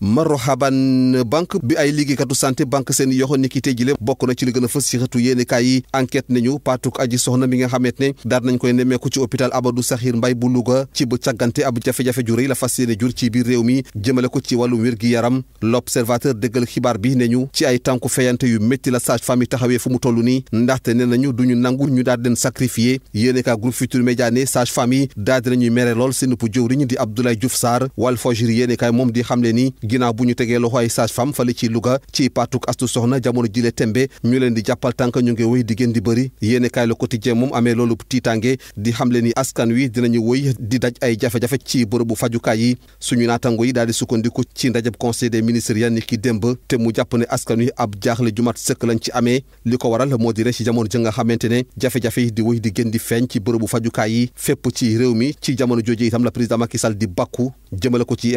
marhaban banque bi ay liggéeykatu santé banque seen yoxo ni ki tey jile bokk na ci li gën a fës ci xëtu yéene kaay yi enquête nañu paatuk aji soxna mi nga xamante ne daar nañ koy nemmeeku ci hôpital Amadou Sakhir mbay bu Louga ci bu càggante ab jafe-jafe ju rëy la fas yéene jur ci biir réew mi jëmale ko ci wàllum wér gi yaram l'observateur dëggal xibaar bi ne ñu ci ay tànku feyante yu métti la sage femme taxawee fu mu toll nii ndaxte ne nañu duñu nangu ñu daal leen sacrifié yéene kaa groupe Futurs Médias ne sage lool seen bu jëwriñ di Abdoulaye Diouf Sarr Walfadjri yéene kaay moom di ni ginnaaw bu ñu tegee loxoy sage-femme fale ci Louga ci patuk astu soxna jamono jile tembe ñu leen di jàppal tànk ñu ngi wéy di gën di bëri yéenekaay Le Quotidien moom amee loolu tiitange di xam leen ni askan wi dinañu wéy di daj ay jafe-jafe ci bërëbu fajukaay yi suñu naatango yi daal di sukkandiku ci ndajab conseil des ministres ya ni ki démb te mu jàpp ne askan wi ab jaaxle jumat sëkk lañ ci amee li ko waral moo di rek ci jamono ji nga xamante ne jafe-jafe yi di wéy di gën di feeñ ci bërëbu fajukaay yi fépp ci réew mi ci jamono jooju itam la président Macky Sall di bàkku jëmale ko ci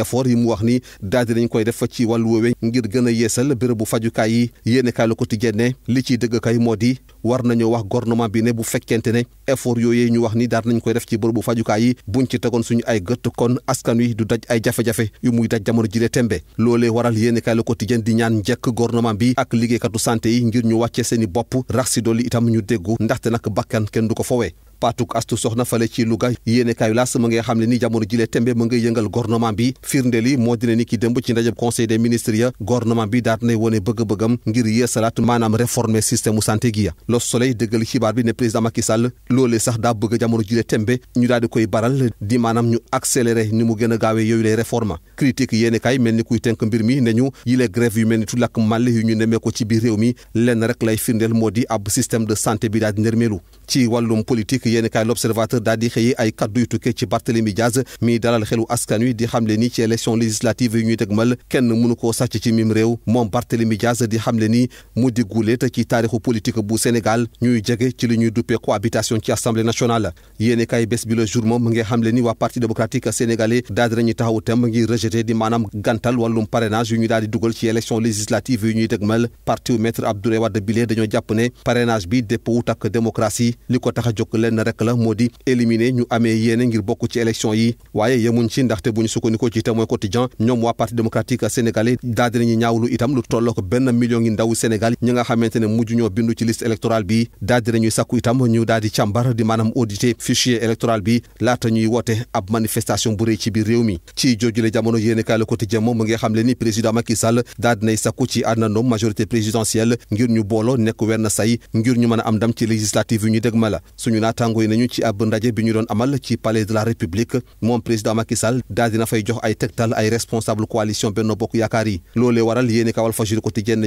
dañ koy def fa ci wàll woowe ngir gën a yeesal bérébu fajukaay yi yéenekaay Le Quotidien ne li ciy dëgg kay moo di war nañoo wax gouvernement bi ne bu fekkente ne effort yooyee ñu wax ni daar nañ koy def ci bu fajukaay yi buñ ci tegoon suñu ay gëtt kon askan wi du daj ay jafe-jafe yu muy daj jamono jile tembe loole waral yéenekaay Le Quotidien di ñaan njëkk gouvernement bi ak liggéeykatu santé yi ngir ñu wàccee seeni bopp rax si dolli itam ñu déggu ndaxte nag bakkan kenn du ko fowe paatuk astu soxna fale ci Louga yéene kaayu laas ma ngay xam ne ni jamono jilee tembe ma ngay yëngal gouvernement bi firndeel moo dina ni ki dëmb ci ndajeb conseil des ya gouvernement bi daat nay wone bëgg-bëggam ngir yeesalaat maanaam réformer système santé gi ya Le Soleil dëggal xibaar bi ne président Macky Sall sax daa bëgg jamono jilee tembe ñu daal koy baral di maanaam ñu accélérer ni mu gën a gaawee yooyu lay réforme critique yéene kaay mel ni kuy tënk mbir mi ne ñu yile grève yu mel ni tulak màll yu ñu de santé bi daal di yéen kaay l'observateur daal di xëyi ay kaddu yu tukkee ci Barthélemy Diaz mi dalal xelu askan di xamle ni ci élection législative yu ñuy dëgmal kenn mënu koo sàcc ci mim réew moom Barthélemy Diaz di xamle ni mu di ci taarixu politique bu Sénégal ñuy jege ci li ñuy duppee cohabitation ci assemblée nationale yéen kaay bés bi le jour moom mu ngi xamle ni waa parti démocratique sénégalais daal di nañu taxaw tem di maanaam gantal wàllum rek la moo di éliminer ñu amee yéene ngir bokk ci élection yi waaye yemuñ ci ndaxte bu ñu sukkandikoo ci Témoin Quotidien ñoom waa parti démocratique sénégalais daal dinañu ñaawlu itam lu tolloo ko benn million ngi ndawu Sénégal ñi nga xamante ne mujj ñoo bindu ci liste électorale bi daal dinañuy sàkku itam ñu daal di càmbar di maanaam auditer fichier électoral bi laata ñuy woote ab manifestation bu rëy ci biir réew mi ci joojule jamono yéene kaay Le Quotidien moom mu ngi xam le ni président Macky Sall daal dinay sàkku ci àndandoom majorité présidentielle ngir ñu booloo nekk wenn say ngir ñu mën a am ndam ci législative yu ñu dëgma la naataango yi nañu ci bi ñu doon amal ci palais de la république moom président Macky Sall daal ay tegtal ay responsable coalition Benno Bokk Yaakaar yi loolee waral yéeni ka Walf Fadjri Quotidien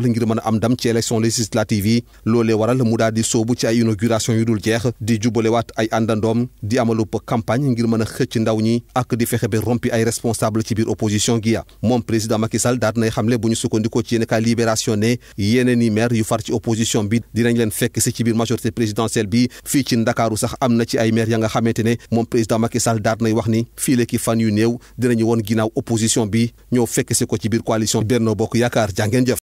toll ngir mën a am ndam ci élection législative yi loolee waral mu daal di soobu ci ay inauguration yu dul jeex di jubalewaat ay àndandoom di amalub campagne ngir mën a xëcc ndaw ñi ak di fexe ba rompi ay responsable ci biir opposition gi ya moom président Macky Sall daal dinay xamle bu ñu sukkandikoo ci yéeni ka libération ne yéeneen i maire yu far ci opposition bi dinañ leen fekk si ci biir majorité présidentielle bi fii ci ndakaaru sax am ci ay maire ya nga xamante ne moom président Macky Sall daat nay wax ni fii léegi fan yu néew dinañu woon ginnaaw opposition bi ñoo fekk si ko ci biir coalition Benno Bokk Yaakaar jàngeen jëf